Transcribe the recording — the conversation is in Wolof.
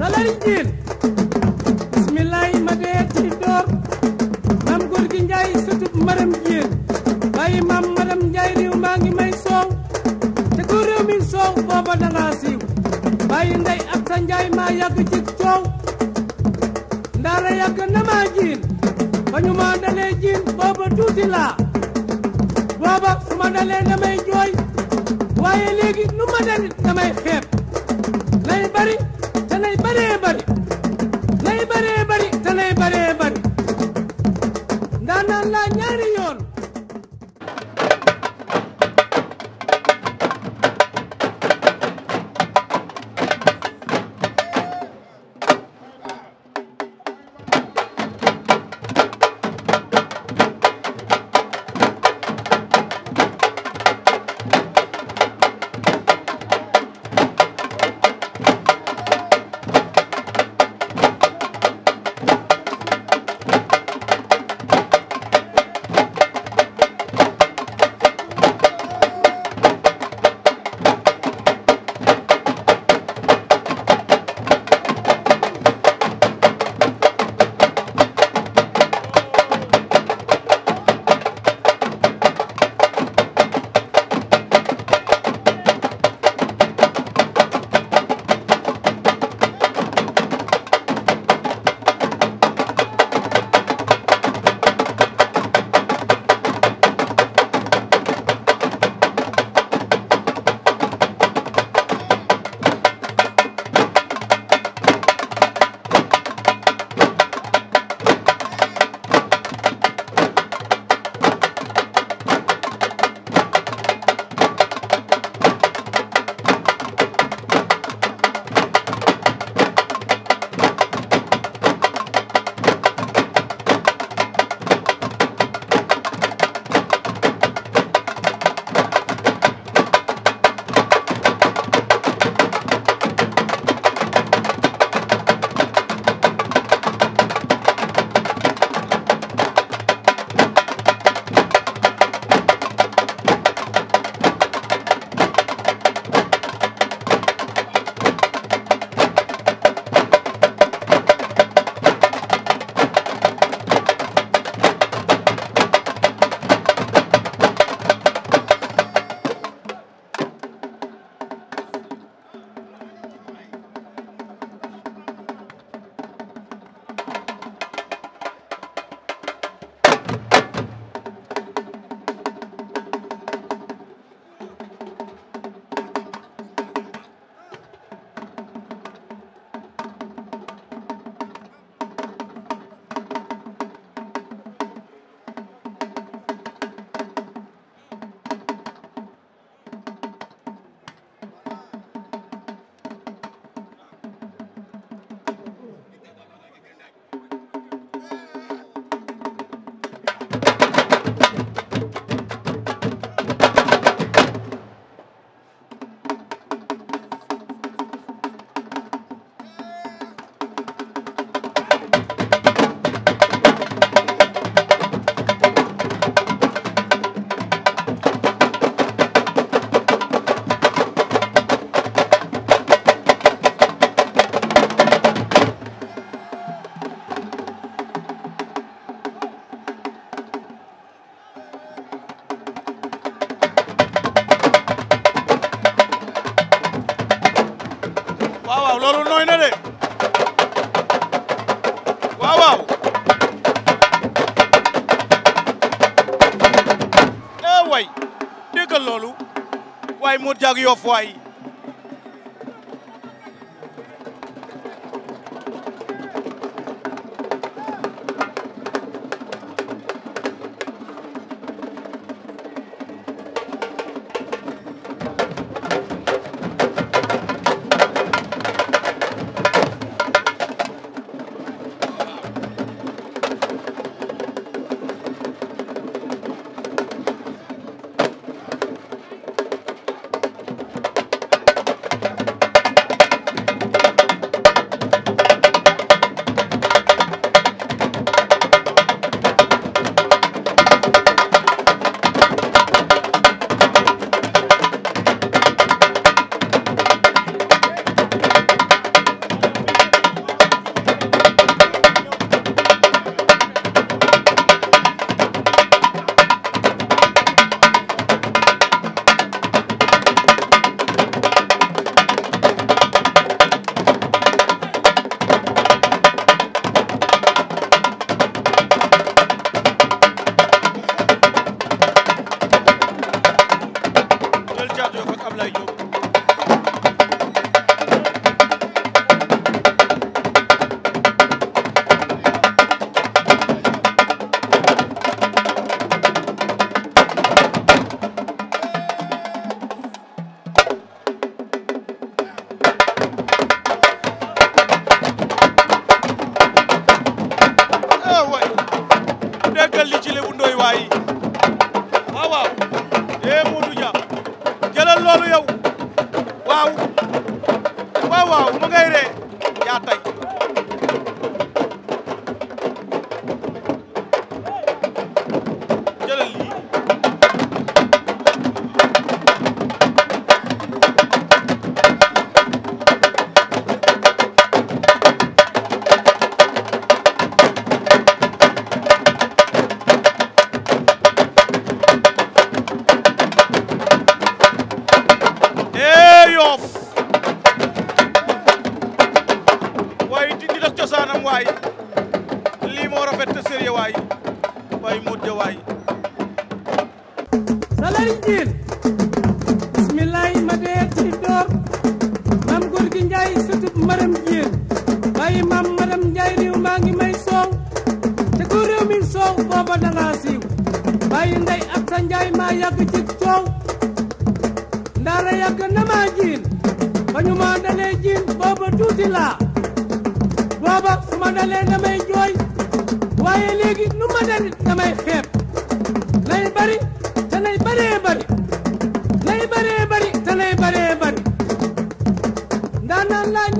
salari jiin bismillaay ma dee ci door maam góor njaay sutub maram jiin bàyyi maam maram njaay réew maa ngi may soow te ko mi soow booba danga siiw ndey ak sa njaay maa yàgg ci coow ndaara yàgg na maa jiin ba ñu maa dalee booba tuuti laa booba su ma dalee damay jooy waaye léegi nu ma dalit damay xeeb loolu nooy na de waaw waaw eh way déggal loolu moo jaag yoof waay xool loolu yow waaw waaw waaw mu ngay ree yaa tay waay Modou jiin bismillaay ma dee ci door maam góor gi njaay sëtub maram jiin waaye maam maram njaay réew maa ngi may soow te ko réew mi soow booba danga siiw waaye ndey ak sa njaay maa yàgg ci coow ndaara yàgg na maa jiin ba dalee jiin booba tuuti laa booba su ma dalee damay jooy waaye léegi nu ma dalit damay xeeb nay bari te nay bari nay baree bari te nay baree bari ndaanaan laa